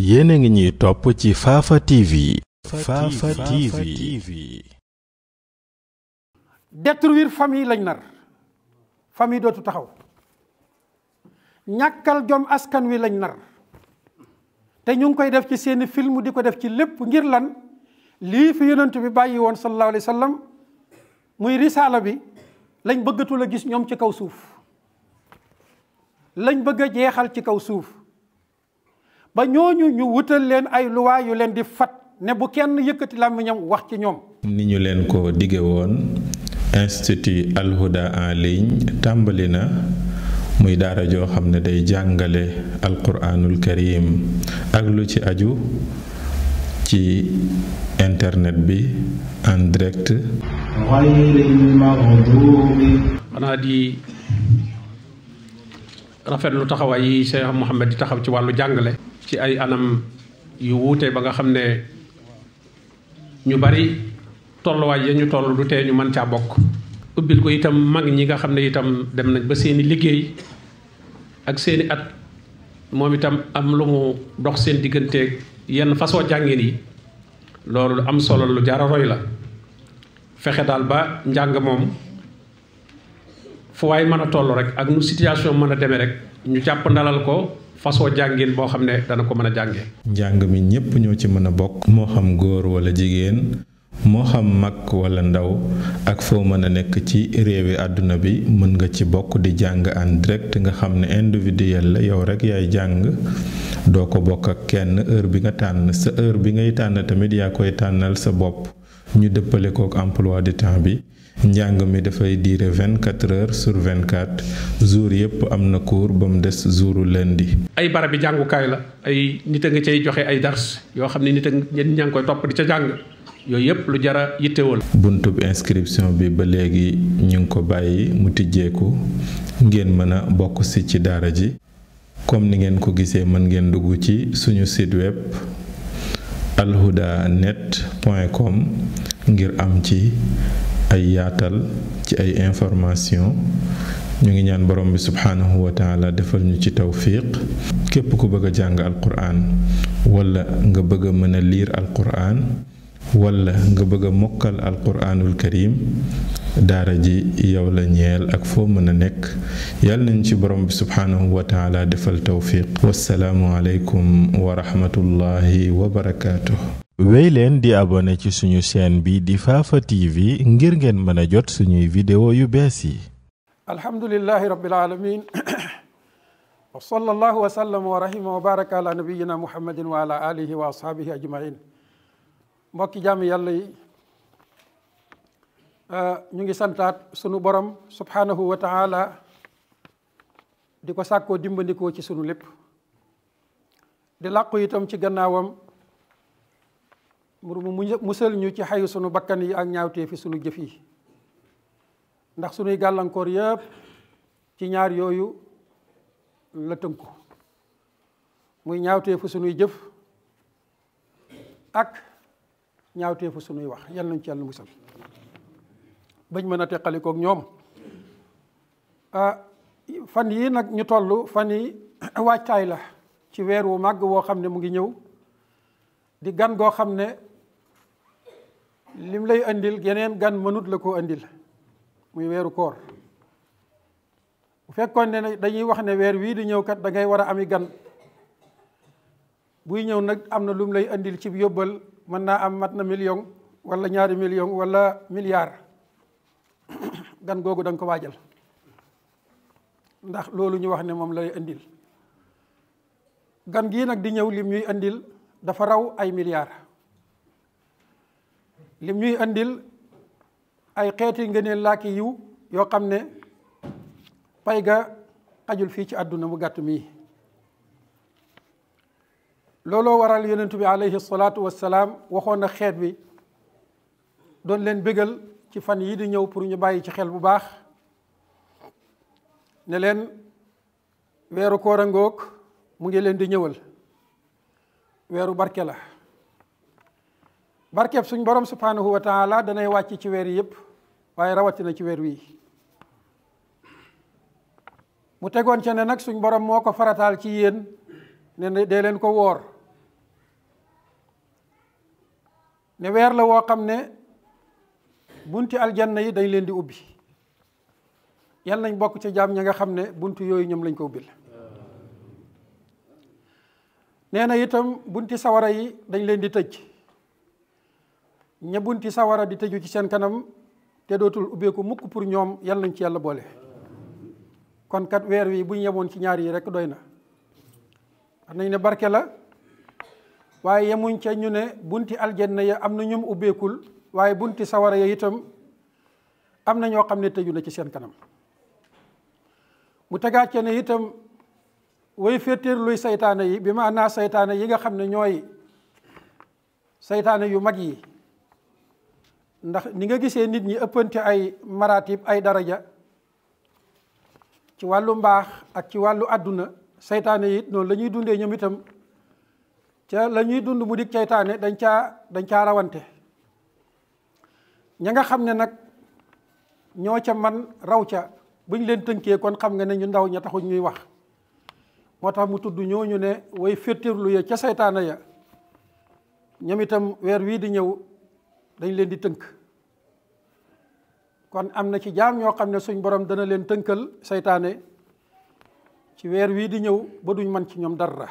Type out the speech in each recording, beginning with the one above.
yéen a ngi ñuy topp ci Fafa TV. Fafa TV détruire famille lañ nar famille dootu taxaw ñàkkal jom askan wi lañ nar te ñu ngi koy def ci seeni filmu di ko def ci lépp ngir lan lii fi yonent bi bàyyi woon sallallahu alayhi wa sallam muy risaala bi lañ bëggatul a gis ñoom ci kaw suuf lañ bëgg a jeexal ci kaw suuf ba ñooñu ñu wutal leen ay luwaa yu leen di fat ne bu kenn yëkkati làmmiñam wax ci ñoom. ni ñu leen ko dige woon institut Al Houda en ligne tàmbali na muy daara joo xam ne day jàngale alquranul karim ak lu ci aju ci internet bi en direct. xanaa di rafetlu taxawaay yi Cheikh Mouhamed di taxaw ci wàllu jàngale. ci ay anam yu wuute ba nga xam ne ñu bari tolluwaay ya ñu toll du tee ñu mën caa bokk ubbil ko itam mag ñi nga xam ne itam dem nañ ba seeni liggéey ak seeni at moom itam am lu mu dox seen digganteeg yenn façon jàngin yi loolu lu am solo lu jara roy la fexe daal ba njàng moom fu waay mën a toll rek ak nu situation mën a demee rek ñu jàpp ndalal ko façon jàngin boo xam ne dana ko mën a jàngee. njàng mi ñépp ñoo ci mën a bokk. moo xam góor wala jigéen. moo xam mag wala ndaw ak foo mën a nekk ci réewi àdduna bi mën nga ci bokk di jàng en direct nga xam ne individuel la yow rek yaay jàng doo ko bokk ak kenn heure bi nga tànn sa heure bi ngay tànn tamit yaa koy tànnal sa bopp ñu dëppale kook emploi du temps bi njàng mi dafay diire vingt quatre heures sur vingt quatre jours yëpp am na cours ba mu des jouru di ay barabi jàngukaay la ay nit a nga cay joxe ay dars yoo xam ne nit a ña ngi koy topp di ca jàng yooyu yëpp lu jara yittewoo la. buntub inscription bi ba léegi ñu ngi ko bàyyi mu tijjeeku ngeen mën a bokk si ci daara ji comme ni ngeen ko gisee mën ngeen dugg ci suñu site web. alhuda net point com ngir am ci ay yaatal ci ay information ñu ngi ñaan borom bi subhaanahu wa defal ñu ci tawfiq képp ku bëgg a jàng alquran wala nga bëgg a mën a liir alquran wala nga bëgg a mokkal alquranul karim daara ji yow la ñeel ak foo mën a nekk yàlla nañ ci borom bi subhaanahu taala defal tawfiq wassalaamu aleykum wa rahmatullahi wa barakaatu. wéy leen di abonné ci suñu chaîne bi di Fafa TV ngir ngeen mën a jot suñuy video yu bees yi. alhamdulillahi rabbil aalamiin wa sallallahu wa sallam mbokki jàmm yàlla yi euh, ñu ngi santaat sunu borom subhanahu wa taala di ko sàkkoo dimbandikoo ci sunu lépp di làqu itam ci gannaawam mu musal ñu ci xayu sunu bakkan yi ak ñaawtee fi sunu jëf yi ndax sunuy gàllankoor yëpp ci ñaar yooyu la tënku muy ñaawtee fu sunuy jëf ak ñaawteefu sunuy wax yal nañ ci yàlla musal bañ mën a teqalikoog ñoom ah, fan yii nag ñu tollu fan yi waajtaay la ci weer wu màgg woo xam ne mu ngi ñëw di gan goo xam ne lim lay andil geneen gan mënut la koo andil muy weeru koor bu fekkoon ne dañuy wax ne weer wii di ñëw kat da war a ami gan buy ñëw nag am na lum lay andil ci yóbbal mën naa am mat na million wala ñaari million wala milliar gan googu da nga ko waajal ndax loolu ñu wax ne moom lay indil gan gii nag di ñëw lim ñuy indil dafa raw ay milliar lim ñuy indil ay xeeti ngëneel laaki yiw yoo xam ne pay ga xajul fii ci àdduna mu gàtt mii looloo waral yonent bi alayhi salaatu wassalaam waxoon na xeet bi doon leen bégal ci fan yii di ñëw pour ñu bàyyi ci xel bu baax ne leen weeru koorangoog mu ngi leen di ñëwal weeru barke la barkeb suñ borom subhanahu wa taala danay wàcc ci weer yépp waaye rawatina ci weer wii mu tegoon ca ne nag suñ borom moo ko farataal ci yéen ne dee leen ko woor ne weer la woo xam ne bunti aljanna yi dañ leen di ubbi yal nañ bokk ci jaam ña nga xam ne bunti yooyu ñoom lañ ko ubbil nee na itam bunti sawara yi dañ leen di tëj ña bunti sawara di tëju ci seen kanam te dootul ubbeeku mukk pour ñoom yal nañ ci yàlla boole kon kat weer wi bu ñu yemoon ci ñaar yi rek doy na wax nañ ne barke la waaye yemuñ ca ñu ne bunti aljanna ya am na ñum ubbeekul waaye bunti sawara ya itam am na ñoo xam ne tëju ci seen kanam mu tegaat ca ne itam way luy saytaane yi bi ma naa saytaane yi nga xam ne ñooy seytaane yu mag yi ndax ni nga gisee nit ñi ëppante ay maratib ay daraja ci wàllu mbaax ak ci wàllu àdduna saytaane yi noonu lañuy dundee ñoom itam ca la ñuy dund mu dik seytaane dañ caa dañ caa rawante ña nga xam ne nag ñoo ca man raw ca buñ leen tënkee kon xam nga ne ñu ndaw ña taxuñ ñuy wax moo tax mu tudd ñu ne way féttirlu ya ca seytaane ya ñoom itam weer wii di ñëw dañ leen di tënk kon am na ci jaam ñoo xam ne suñ borom dana leen tënkal seytaane ci weer wii di ñëw ba duñ man ci ñoom dara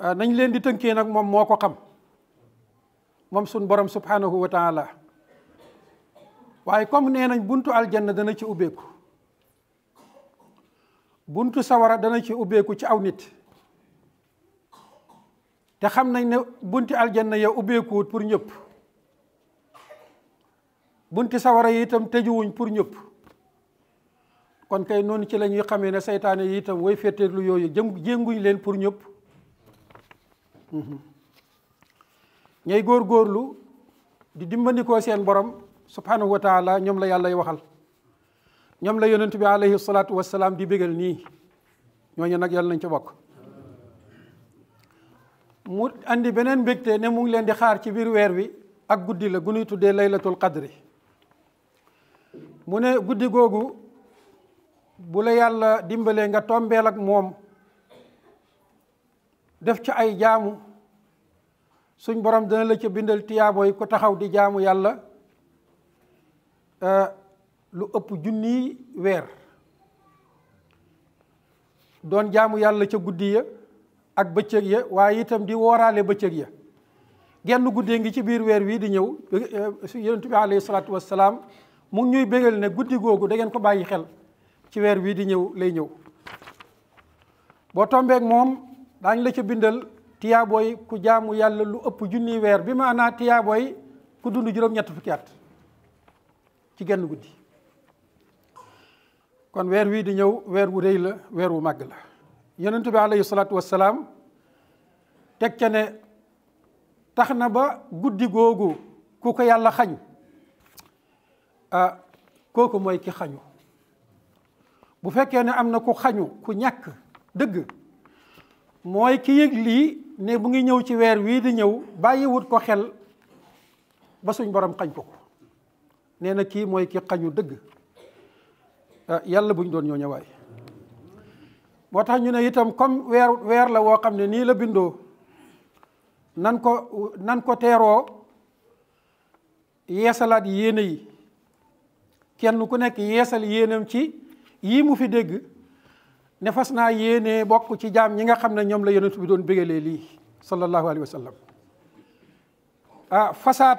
Euh, nañ leen di tënkee nag moom moo ko xam moom suñ borom subhanahu wa taala waaye comme nee nañ buntu aljanna dana ci ubbeeku buntu sawara dana ci ubbeeku ci aw nit te xam nañ ne bunti aljanna ya ubbeekuwut pour ñëpp bunti sawara yi itam tëjuwuñ pour ñëpp kon kay noonu ci la ñuy xamee ne seytaane yi itam way féeteerlu yooyu jëm jénguñ leen pour ñëpp ñay góor góorlu di dimbandikoo seen borom subhanahu wa ñoom la yàlla waxal ñoom la yonent bi alayhi salaatu wasalaam di bégal nii ñooñu nag yàlla nañ ca bokk mu andi beneen mbégte ne mu leen di xaar ci biir weer wi ak guddi la gu tuddee laylatul qadri mu ne guddi googu bu la yàlla dimbalee nga tombeel ak moom def ci ay jaamu suñ borom dana la ca bindal tiyaabo yi ku taxaw di jaamu yàlla eh, lu ëpp junni weer doon jaamu yàlla ca guddi ya ak bëccëg ya waaye itam di wooraale bëccëg ya genn guddee ngi ci biir weer wii di ñëw eh, yonent bi alayhi salaatu wassalaam mu ñuy bégal ne guddi googu da ko bàyyi xel ci weer wii di ñëw lay ñëw boo tombeek moom daañ la ca bindal tiyaabooy ku jaamu yàlla lu ëpp junniy weer bi maanaa tiyaabooy ku dund juróom-ñett fukki at ci genn guddi kon weer wii di ñëw weer wu rëy la weer wu màgg la yonentu bi alayhi salaatu wassalaam teg ca ne tax na ba guddi googu ku ko yàlla xañ ah, kooku mooy ki xañu bu fekkee ne am na ku xañu ku ñàkk dëgg mooy ki yëg lii ne mu ngi ñëw ci weer wii di ñëw bàyyi wut ko xel ba suñ borom xañ ko ne na kii mooy ki xañu dëgg ah, yàlla buñ doon ñoo ñëwaay moo tax ñu ne itam comme weer weer la woo xam ne nii la bindoo nan ko nan ko teeroo yeesalaat yéene yi kenn ku nekk yeesal yéenam ci yii mu fi dégg ne fas naa yéene bokk ci jaam ñi nga xam ne ñoom la yonent bi doon bégalee lii sallallahu alayhi wa sallam ah fasaat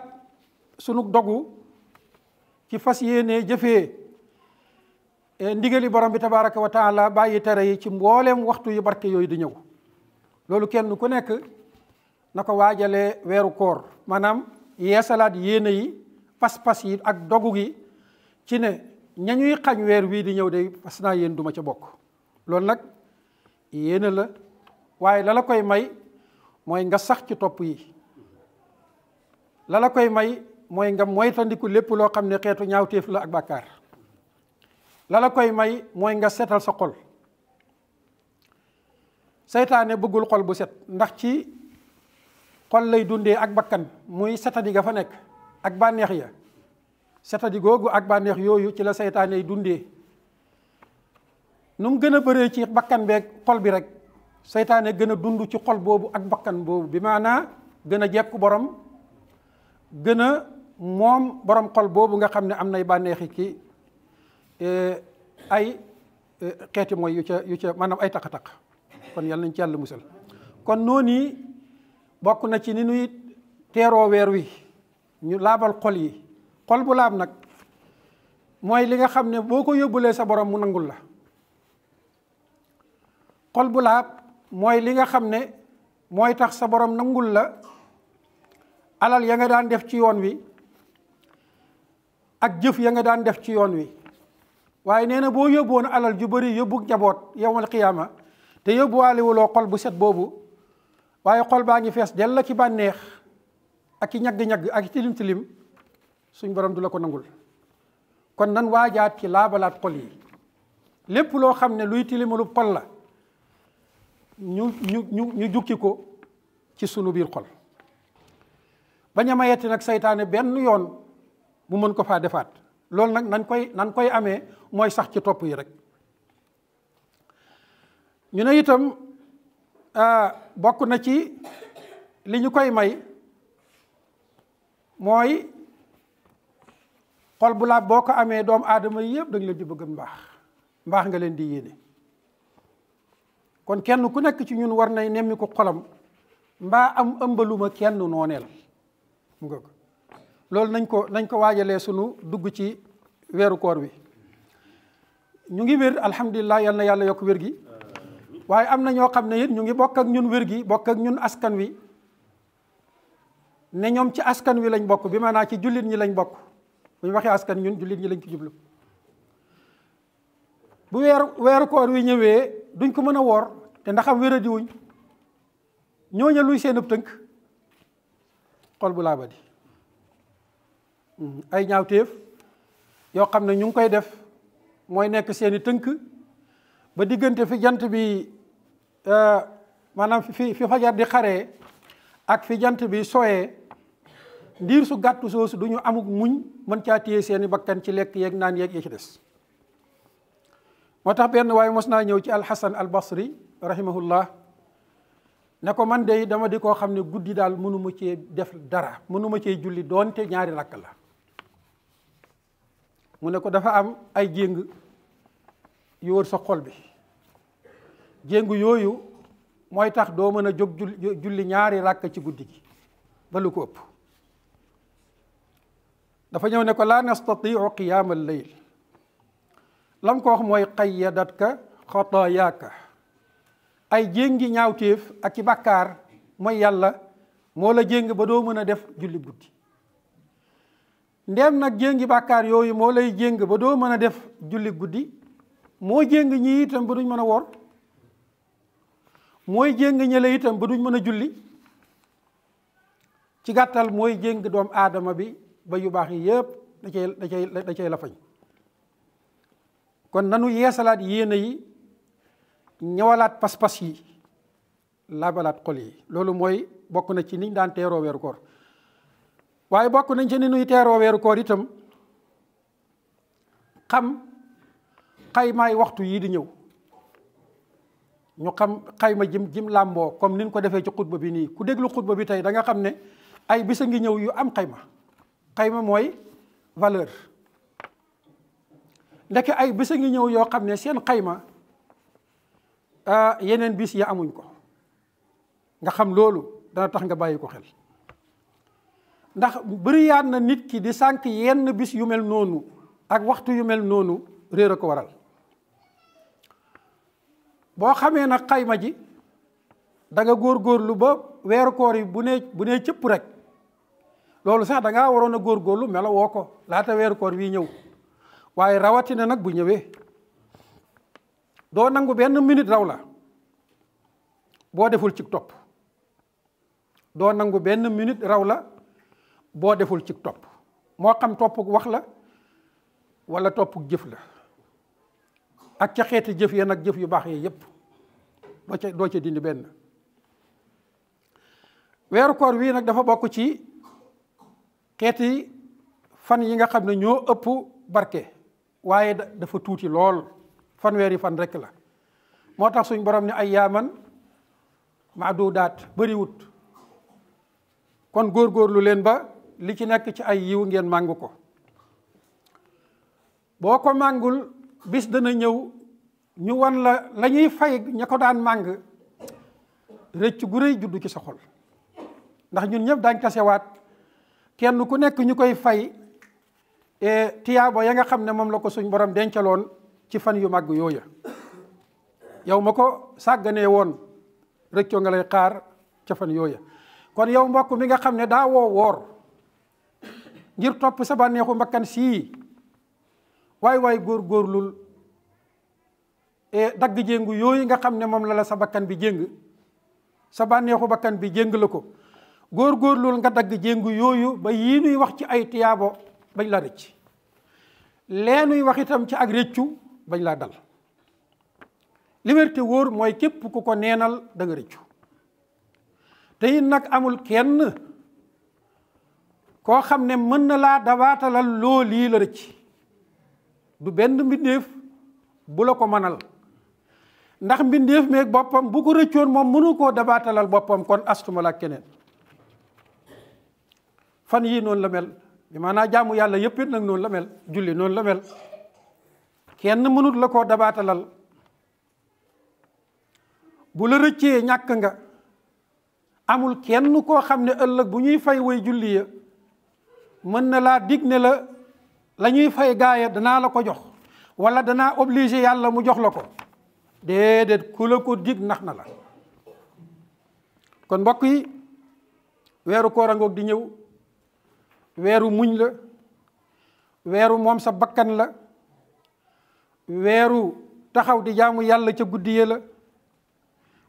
sunu dogu ci fas yéene jëfee e, ndigali borom bi tabaraka wa taala bàyyi tere yi ci mbooleem waxtu yi barke yooyu di ñëw loolu kenn ku nekk na ko waajale weeru koor maanaam yeesalaat yéene yi pas-pas yi ak dogu gi ci ne ñañuy xañ weer wii di ñëw day fas naa yéen duma ca bokk loolu nag yéene la waaye la la koy may mooy nga sax ci topp yi la koy may mooy nga moytandiku lépp loo xam ne xeetu ñaawteef la ak bàkkaar la la koy may mooy nga setal sa xol seytaane bëggul xol bu set ndax ci xol lay dundee ak bakkan muy setadi ga fa nekk ak bànneex ya setadi googu ak bànneex yooyu ci la seytaane dundee nu mu gën a bëree ci bakkan beeg xol bi rek seytaane gën a dund ci xol boobu ak bakkan boobu bi maanaa gën a jekku borom gën a moom borom xol boobu nga xam ne am nay bànneexi ki e, ay e, xeeti mooy yu ca yu ca maanaam ay taq-taq kon yàlla nañ ci yàlla musal kon noonu bokk na ci ni nuy teeroo weer wi ñu laabal xol yi xol bu laab nag mooy li nga xam ne boo ko yóbbulee sa borom mu nangul la xol bu laab mooy li nga xam ne mooy tax sa boroom nangul la alal ya nga daan def ci yoon wi ak jëf ya nga daan def ci yoon wi waaye nee na boo yóbboon alal ju bari yóbbu njaboot yawmal qiyaama te yóbbuwaalewuloo xol bu set boobu waaye xol baa ngi fees del la ki bànneex ak i ñagg-ñagg ak i tilim tilim suñ borom du la ko nangul kon nan waajaat ci laabalaat xol yi lépp loo xam ne luy tilimalub xol la ñu ñu ñu ñu jukki ko ci sunu biir xol bañ a mayeti nag seytaane benn yoon mu mën ko faa defaat loolu nag nan koy nan koy amee mooy sax ci topp yi rek ñu ne itam ah, bokk na ci li ñu koy may mooy xol bu laa boo ko amee doom aadama yi yëpp da nga leen di bëgg mbaax mbaax nga leen di yéene kon kenn ku nekk ci ñun war nay nemmi ko mba am ëmbaluma kenn nooneel loolu nañ ko nañ ko waajalee sunu dugg ci weeru koor wi ñu ngi wér alhamdulilah yal na yàlla yokk wir gi waaye am na ñoo xam ne it ñu ngi bokk ak ñun wér gi bokk ak ñun askan wi ne ñoom ci askan wi lañ bokk bi maanaa ci jullit ñi lañ bokk bu ñu askan ñun jullit ñi lañ ko jublu weeru weeru koor wi ñëwee duñ ko mën a woor te ndaxam wéradi wuñ ñooñu luy seen ëpp tënk xol bu laabadi mm-hmm. ay ñaawteef yoo xam ne ñu ngi koy def mooy nekk seeni tënk ba diggante fi jant bi euh, maanaam fi fi fajar di xaree ak fi jant bi sooyee ndiir su gàttu soosu du ñu amuk muñ mën caa téye seeni bakkan ci lekk yeeg naan yeeg ya ci des moo tax benn waaye mos naa ñëw ci alxasan albasri rahimahullah ne ko man de dama di koo xam ne guddi daal mënuma cee def dara mënuma cee julli doonte ñaari rakk la mu ne ko dafa am ay jéng yu wër sa xol bi jéng yooyu mooy tax doo mën a jóg julli ñaari rakk ci guddi gi ba lu ko ëpp dafa ñëw ne ko laa nastatiu qiyaama al lam ko wax mooy qayyadatka xataayaaka ay jéngi ñaawteef ak ci bàkkaar mooy yàlla moo la jéng ba doo mën a def julli guddi ndem nag jéngi bàkkaar yooyu moo jéng ba doo mën a def julli guddi moo jéng ñi itam ba duñ mën a wor mooy jéng ñële itam ba duñ mën a julli ci gàttal mooy jéng doom aadama bi ba yu baax yi yépp da cay da cay da kon nanu yeesalaat yéene yi ñëwalaat pas-pas yi laabalaat xol yi loolu mooy bokk na ci niñ daan teeroo weeru koor waaye bokk nañ ci ni nuy teeroo weeru koor itam xam xaymaay waxtu yii di ñëw ñu xam xayma jim jim làmboo comme niñ ko defee ci xutba bi nii ku déglu xutba bi tey da nga xam ne ay bis a ngi ñëw yu am xayma xayma mooy valeur ndeke ay bés a ngi ñëw yoo xam ne seen xayma ah, yeneen bis yi amuñ ko nga xam loolu dana tax nga bàyyi ko xel ndax bëriyaat na nit ki di sànq yenn bis yu mel noonu ak waxtu yu mel noonu réer a ko waral boo xamee nag xayma ji da góor góorgóorlu ba weeru koor yi bu nee bu ne cëpp rek loolu sax danga waroon a góorgóorlu mela woo ko laata weeru koor wii ñëw waaye rawatina nag bu ñëwee doo nangu benn minute raw la boo deful ci topp doo nangu benn minute raw la boo deful ci topp moo xam topp wax la wala topp jëf la ak ca xeeti jëf ya nag jëf yu baax yi yépp doo doo ca dindi benn weeru koor wii nag dafa bokk ci xeeti fan yi nga xam ne ñoo ëpp barke waaye dafa tuuti lool fanweeri fan rekk la moo tax suñ borom ne ay yaaman daat bëriwut kon góor góorlu leen ba li ci nekk ci ay yiw ngeen màngu ko boo ko màngul bis dana ñëw ñu wan la lañuy fay ña ko daan màng rëcc gu rëy juddu ci sa ndax ñun ñëpp daañ tasewaat kenn ku nekk ñu koy fay E, tiyaabo ya nga xam ne moom la ko suñ borom dencaloon ci fan yu màgg yooya yow ma ko sàgganee woon rëccoo nga lay xaar ca fan yooya kon yow mbokk mi nga xam ne daa woo woor ngir topp sa bànneexu mbakkan sii waay waay góor góorlul e, dagg jéngu yooyu nga xam ne moom la la sa bakkan bi jéng sa bànneexu bakkan bi jéng la ko góor góorlul nga dagg jéngu yooyu ba yii nuy wax ci ay tiyaabo bañ laa rëcc leenuy waxitam ci ak rëccu bañ laa dal liberté wóor mooy képp ku ko neenal da nga rëccu te it nag amul kenn koo xam ne mën na laa dabaatalal loo yii la rëcc du benn mbindeef bu la ko mënal ndax mbindeef meeg boppam bu ko rëccoon moom mënu koo dabaatalal boppam kon astuma la keneen fan yii noonu la mel bi maanaa jaamu yàlla yëpp nag noonu la mel julli noonu la mel kenn mënut la koo dabaatalal bu la rëccee ñàkk nga amul kenn koo xam ne ëllëg bu ñuy fay way julli ya mën na laa dig ne la lañuy ñuy fay gaaya danaa la ko jox wala danaa obligé yàlla mu jox la ko déedéet ku la ko dig nax na la kon mbokk yi weeru koor ngoog di ñëw weeru muñ la weeru moom sa bakkan la weeru taxaw di jaamu yàlla ca guddi ya la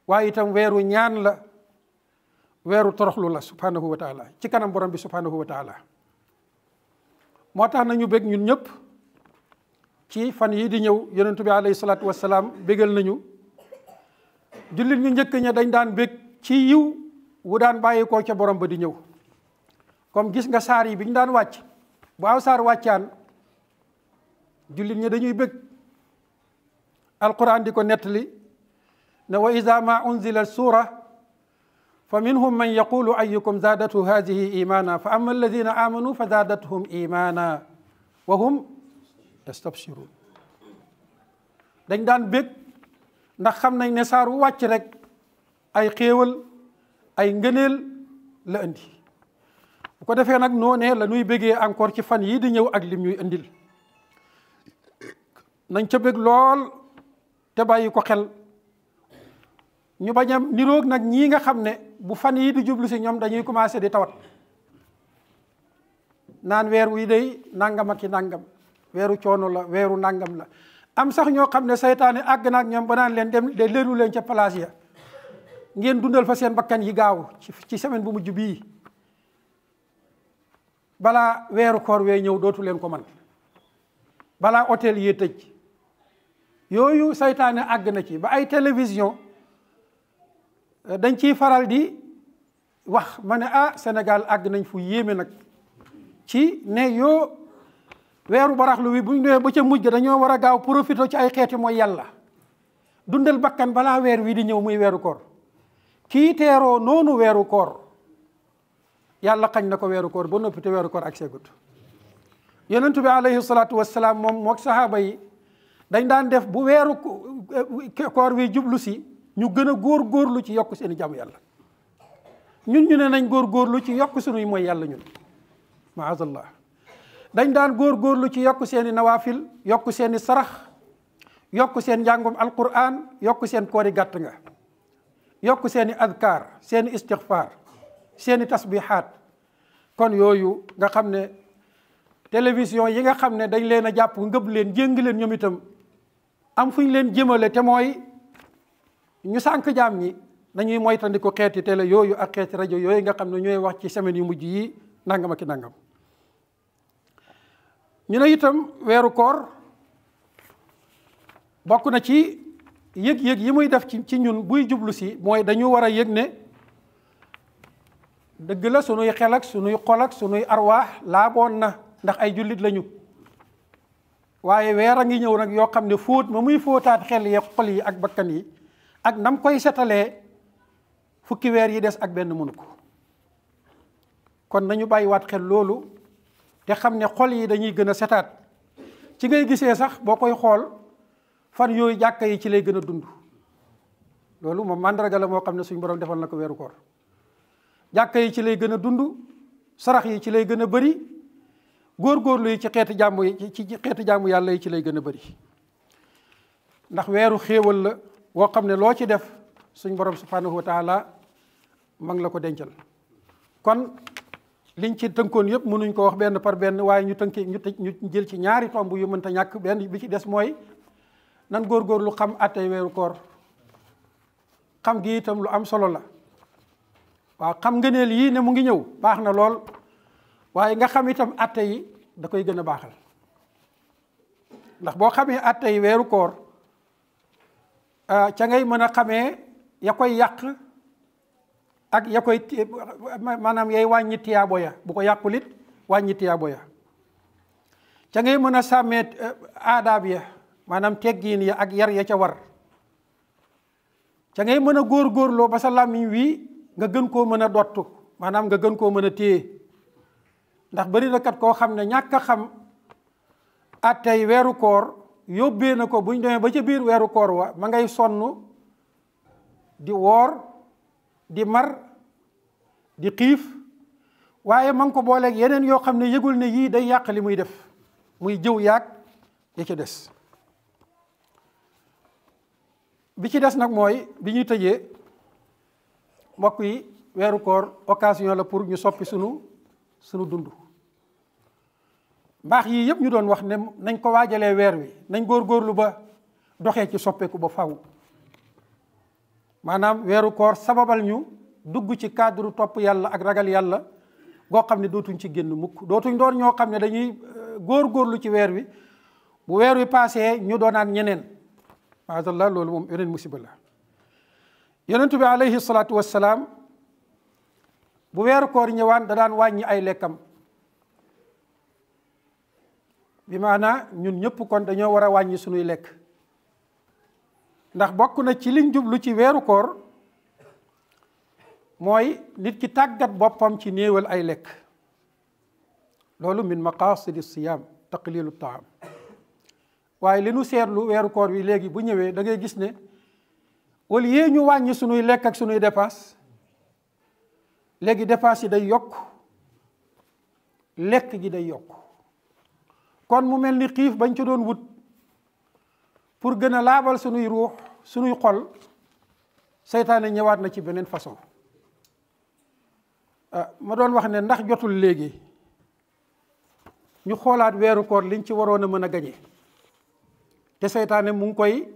waaye itam weeru ñaan la weeru toroxlu la subhanahu wa ci kanam borom bi subhanahu wa taala moo tax nañu bég ñun ñëpp ci fan yii di ñëw yonentu bi alayhi salaatu wassalaam bégal nañu jullit ñu njëkk ña dañ daan bég ci yiw wu daan bàyyi koo ca borom ba di ñëw comme gis nga saari yi bi ñu daan wàcc bu aw saar wàccaan jullit ñi dañuy bëgg alquran di ko nettali ne wa ida ma a suura fa minhum man yaqulu ayukum zaadatu hadihi imana fa ama alladina amanu fa zaadathum imana wa hum yastabsirun dañ daan bëgg ndax xam nañ ne saar wu wàcc rek ay xéewal ay ngëneel la indi ko defee nag noonee la ñuy bëggee encore ci fan yii di ñëw ak lim ñuy indil nañ ca bëgg lool te bàyyi ko xel ñu bañ a niroog nag ñii nga xam ne bu fan yii di jublu si ñoom dañuy commencé di tawat naan weer wi day nangam ak i nangam weeru coono la weeru nangam la am sax ñoo xam ne seytaane àgg na ak ñoom ba naan leen dem de leenu leen ca place ya ngeen dundal fa seen bakkan yi gaaw ci semaine bu mujj bii balaa weeru koor wee ñëw dootu leen ko man balaa hôtel yee tëj yooyu seytaane àgg na ci ba ay télévision euh, dañ ciy faral di wax ma ne ah Sénégal àgg nañ fu yéeme nag ci ne yoo weeru baraxlu wi bu buñ ñëwee ba ca mujj dañoo war a gaaw profité ci ay xeeti mooy yàlla dundal bakkan balaa weer wi di ñëw muy weeru koor kii teeroo noonu weeru koor yàlla xañ na ko weeru koor ba noppi te weeru koor ak seegut yonentu bi alayhi salaatu wassalaam moom mook sahaaba yi dañ daan def bu weeru eh, koor wi jublu si ñu gën a góor góorlu ci yokk seeni jam yàlla ñun ñu ne nañ góor góorlu ci yokk sunuy mooy yàlla ñun maazallah dañ daan góor góorlu ci yokk seeni nawaafil yokk seen sarax yokk seen njàngum alquran yokk seen koori gàtt nga yokk seeni i adkaar seen i seeni tasbihaat kon yooyu nga xam ne télévision yi nga xam ne dañ leen a jàpp ngëb leen jéng leen ñoom itam am fu ñu leen jëmale te mooy ñu sànq jaam ñi dañuy moytandiku xeeti tele yooyu ak xeeti rajo yooyu nga xam ne ñooy wax ci semaine yu mujj yi nangam ak nangam ñu ne itam weeru koor bokk na ci yëg-yëg yi muy def ci ci ñun buy jublu si mooy dañu war a yëg ne dëgg la sunuy xel ak sunuy xol ak sunuy arwaax laaboon na ndax ay jullit lañu waaye weer a ngi ñëw nag yoo xam ne fóot ma muy fóotaat xel yi xol yi ak bakkan yi ak nam koy setalee fukki weer yi des ak benn mënu ko kon nañu bàyyiwaat xel loolu te xam ne xol yi dañuy gën a setaat ci ngay gisee sax boo koy xool fan yooyu jàkka yi ci lay gën a dund loolu moom màndarga la moo xam ne suñu borom defal na ko weeru koor jàkka yi ci lay gën a dund sarax yi ci lay gën a góor góorgóorlu yi ci xeetu jàmm yi ci xeetu jàmmu yàlla yi ci lay gën a bëri ndax weeru xéewal la woo xam ne loo ci def suñ borom subhanahu wa taala ma la ko dencal kon liñ ci tënkoon yëpp mënuñ ko wax benn par benn waaye ñu tënki ñu ñu jël ci ñaari tomb yu mënta ñàkk benn bi ci des mooy nan góor góor lu xam attey weeru koor xam gi itam lu am solo la waaw xam ngëneel yii ne mu ngi ñëw baax na lool waaye nga xam itam atte yi da koy gën baaxal ndax boo xamee atte yi weeru koor ah, ca ngay mën a xamee ya koy yàq ak ya koy maanaam yay wàññi tiyaabo ya bu ko yàqulit wàññi tiyaabo ya ca ngay mën a sàmmee eh, aadaab ya maanaam teggiin ya ak yar ya ca war ca ngay mën a góor góorloo ba sa làmmiñ wii nga gën koo mën a dottu maanaam nga gën koo mën a téye ndax bari na kat koo xam ne ñàkk a xam attey weeru koor yóbbee na ko bu ñu demee ba ca biir weeru koor wa ma ngay sonn di woor di mar di xiif waaye ma ngi ko booleeg yeneen yoo xam ne yëgul ne yii day yàq li muy def muy jëw yàq ya ci des bi ci des nag mooy bi ñuy tëjee mbokk yi weeru koor occasion la pour ñu soppi sunu sunu dund mbaax yii yëpp ñu doon wax ne nañ ko waajalee weer wi nañ góorlu ba doxee ci soppeeku ba faw maanaam weeru koor sababal ñu dugg ci cadre topp yàlla ak ragal yàlla goo xam ne dootuñ ci génn mukk dootuñ doon ñoo xam ne dañuy euh, góor góorlu ci weer wi bu weer wi paasee ñu doonaat ñeneen la loolu moom yeneen musiba la yonentu bi aleyhi salaatu wassalaam bu weeru koor ñëwaan da daan wàññi ay lekkam bi maanaa ñun ñëpp kon dañoo war a wàññi sunuy lekk ndax bokk na ci li jublu ci weeru koor mooy nit ki tàggat boppam ci néewal ay lekk loolu min maqasidi siyaam taqlilu taam waaye li nu seetlu weeru koor wi léegi bu ñëwee dangay gis ne wal lieu ñu wàññi sunuy lekk ak sunuy dépense léegi dépense yi day yokk lekk gi day yokk kon mu mel ni xiif bañ ci doon wut pour gën a laabal sunuy ruux sunuy xol seytaane ñëwaat na ci beneen façon ah, ma doon wax ne ndax jotul léegi ñu xoolaat weeru koor liñ ci waroon a mën a gañe te seytaane mu ngi koy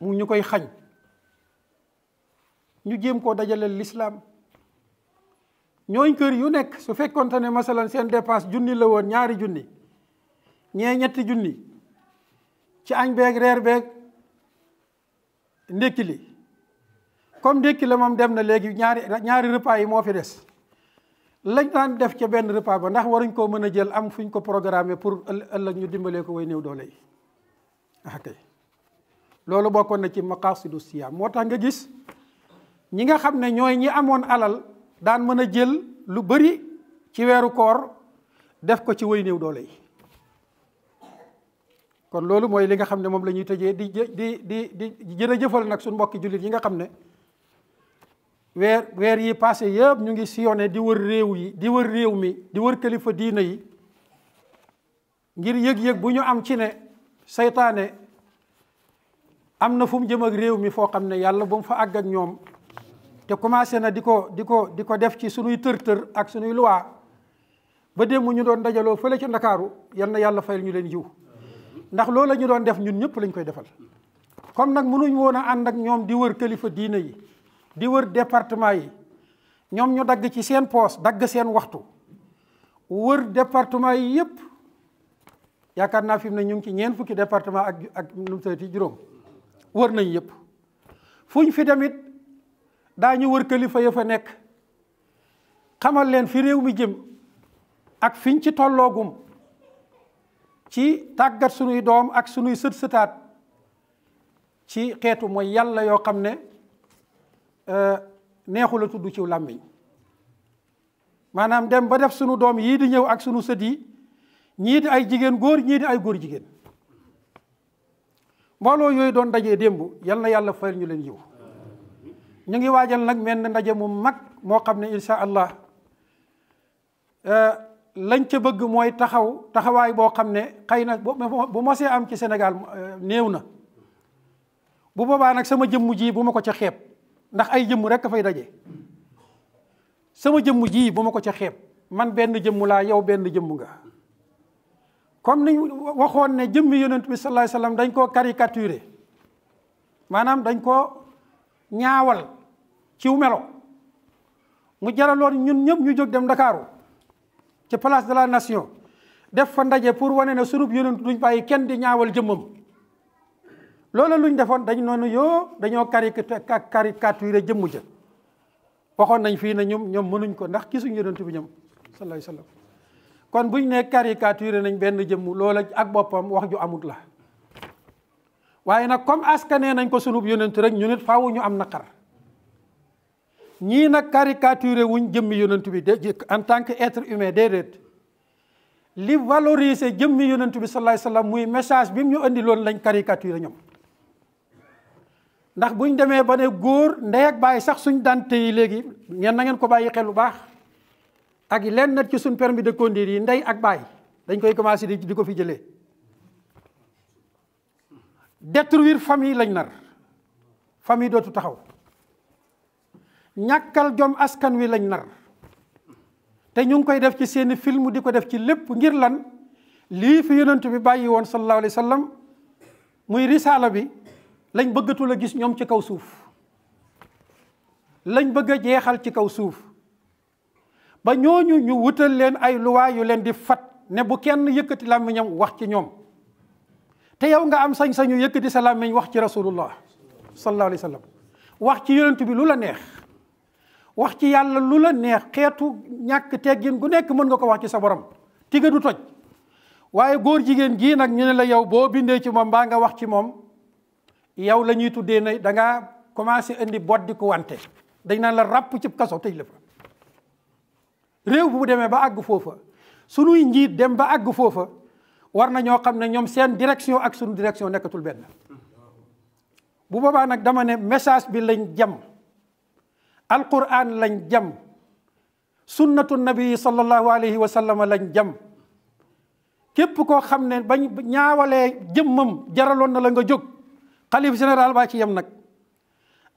mu ñu koy xañ ñu jéem koo dajaleel lislaam ñooñ kër yu nekk su fekkoonte ne masalan seen dépense junni la woon ñaari junni ñee ñetti junni ci añ beeg reer beeg ndékki li comme ndékki la moom dem na léegi ñaari ñaari repas yi moo fi des lañ daan def ca benn repas ba ndax waruñ koo mën a jël am fuñ ko programme pour ëllëg ñu dimbalee ko way néew doole yi ah, loolu bokkoon na ci maqasidu siyaam moo tax nga gis ñi nga xam ne ñooy ñi amoon alal daan mën a jël lu bari ci weeru koor def ko ci way néew doole yi kon loolu mooy li nga xam ne moom lañuy ñuy tëjee di di di di jëfal nag suñ mbokki jullit yi nga xam ne weer weer yi passé yëpp ñu ngi sillonné di wër réew yi di wër réew mi di wër kilifa diina yi ngir yëg-yëg bu ñu am ci ne seytaane am na fu mu jëm ak réew mi foo xam ne yàlla bu mu fa àgg ak ñoom te commencé na di ko di ko di ko def ci sunuy tër-tër ak sunuy loi ba dem démb ñu doon dajaloo fële ca ndakaaru yal na yàlla fayal ñu leen jiw ndax loolu ñu doon def ñun ñëpp lañ koy defal comme nag mënuñ woon a ànd ak ñoom di wër kilifa diina yi di wër département yi ñoom ñu dagg ci seen poos dagg seen waxtu wër département yi yëpp yaakaar naa fim na ne ñu ngi ci ñeent fukki département ak ak nu mu tëddee juróom wër nañ yëpp fuñ fi tamit daañu wër kilifa ya fa nekk xamal leen fi réew mi jëm ak fiñ ci tolloogum ci tàggat sunuy doom ak sunuy sët sëtaat ci xeetu mooy yàlla yoo xam ne euh, neexul a tudd ci làmmiñ maanaam dem ba def sunu doom yii di ñëw ak sunu sët yi ñii di ay jigéen góor ñii di ay góor jigéen mbooloo yooyu doon daje démb yal na yàlla fayal ñu leen yiw ñu ngi waajal nag mel na ndaje mu mag moo xam ne insha allah eh, lañ ca bëgg mooy taxaw taxawaay boo xam ne xëy na bu mosee am ci Sénégal eh, néew na bu boobaa nag sama jëmm ji bu ma ko ca xeeb ndax ay jëmm rek a fay daje sama jëmm ji bu ma ko ca xeeb man benn jëmm laa yow benn jëmm nga comme ni waxoon ne jëmm yonent bi sallallahu alayhi dañ koo caricaturer maanaam dañ koo ñaawal ciw melo mu jaraloon ñun ñëpp ñu jóg dem ndakaaru ci palace de la nation def fa ndaje pour wane na sunub yonent duñ bàyyi kenn di ñaawal jëmmam loola luñ defoon dañ noonu yoo dañoo caricature jëmm ja waxoon nañ fii ne ñoom ñoom mënuñ ko ndax gisuñ yonent bi ñoom sallallahu alayhi wasallam kon buñ ne caricature nañ benn jëmm loola ak boppam wax ju amut la waaye nag comme askanee nañ ko sunub yonent rek ñu nit faaw ñu am naqar ñii nag caricature wuñ jëmmi yonent bi de en tant que être humain déedéet li valoriser jëmmi yonent bi sallallahu alayhi wasallam muy message bi ñu andi loon lañ caricature ñoom ndax buñ demee ba ne góor ndey ak bàyyi sax suñ daan yi léegi ngeen na ngeen ko bàyyi xel lu baax ak lenn nag ci suñ permis de conduire yi ndey ak baay dañ koy commencé di di ko fi jëlee détruire famille lañ nar famille dootu taxaw ñàkkal jom askan wi lañ nar te ñu ngi koy def ci seeni film di ko def ci lépp ngir lan lii fi yonent bi bàyyi woon sallallahu alayhi wa sallam muy risaala bi lañ bëggatul a gis ñoom ci kaw suuf lañ bëgg a jeexal ci kaw suuf ba ñooñu ñu wutal leen ay luwaa yu leen di fat ne bu kenn yëkkati làmmiñam wax ci ñoom te yow nga am sañ yëkkati sa làmmiñ wax ci rasulullah sallallahu alayhi wa ci yonent bi lu la neex wax ci yàlla lu la neex xeetu ñàkk teggin gu nekk mën nga ko wax ci sa borom tiga du toj waaye góor jigéen gii nag ñu ne la yow boo bindee ci moom mbaa nga wax ci moom yow la ñuy tuddee ne da ngaa commencé indi boddi ku wante dañ naan la ràpp cib kaso tëj la fa réew bu demee ba àgg foofa sunuy njiit dem ba àgg foofa war na ñoo xam ne ñoom seen direction ak sunu direction nekkatul benn bu boobaa nag dama ne message bi lañ jam alquran lañ jam sunnatu nabi sallallahu alayhi wa sallam lañ jam képp koo xam ne bañ ñaawalee jëmmam jaraloon na la nga jóg xalif général baa ci yam nag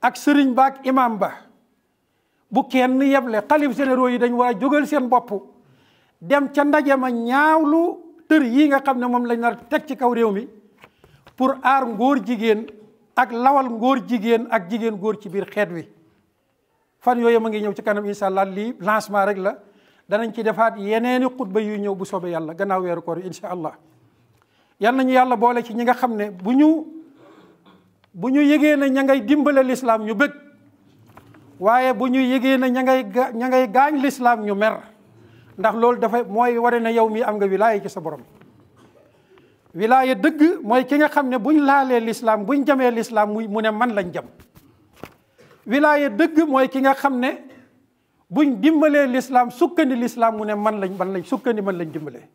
ak sëriñ ba ak imam ba bu kenn yeble xalif généraux yi dañ waa jógal seen boppu dem ca ndaje ma ñaawlu tër yii nga xam ne moom lañ nar teg ci kaw réew mi pour aar ngóor jigéen ak lawal ngóor jigéen ak jigéen góor ci biir xeet wi fan yooyu ma ngi ñëw ci kanam incha allah lii lancement rek la danañ ci defaat yeneeni xutba yuy ñëw bu soobee yàlla gannaaw weeru koor yi incha allah yal nañu yàlla boole ci ñi nga xam ne bu ñu bu ñu yëgee na ña ngay dimbale lislaam ñu bëgg waaye bu ñu yëgee na ña ngay ña ngay gaañ lislaam ñu mer ndax loolu dafa mooy ware na yow mii am nga wilaaya ci sa borom wilaaya dëgg mooy ki nga xam ne buñ laalee lislaam buñ jamee lislaam mu ne man lañ jam wilaaya dëgg mooy ki nga xam ne buñ dimbalee lislaam sukkandi lislaam mu ne man lañ man lañ sukkandi man lañ dimbalee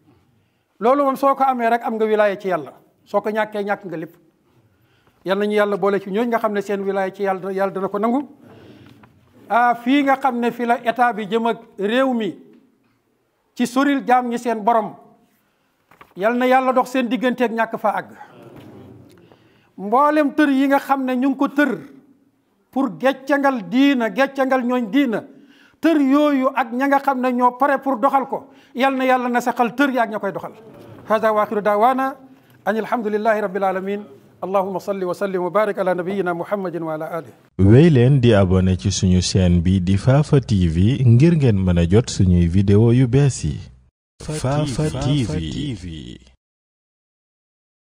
loolu moom soo ko amee rek am nga wilaaya ci yàlla soo ko ñàkkee ñàkk nga lépp yal nañu yàlla boole ci ñooñ nga xam ne seen wilaaya ci yàlla yàlla dana ko nangu ah fii nga xam ne fi la état bi jëm ak réew mi ci soril jaam ñi seen borom yal na yàlla dox seen digganteeg ñàkk fa àgg mboolem tër yi nga xam ne ñu ngi ko tër pour geccangal diina geccangal ñooñ diina tër yooyu ak ña nga xam ne ñoo pare pour doxal ko yal na yàlla na saxal tër yaag ña koy doxal hada wa axiru daawaana an alhamdulillahi rabbil alamin allahuma salli wa sallim wa barik ala nabiyina muhammadin wa ala alih wéy leen di abone ci suñu seen bi di Fafa TV ngir ngeen mën a jot suñuy vidéo yu bees yi Fafa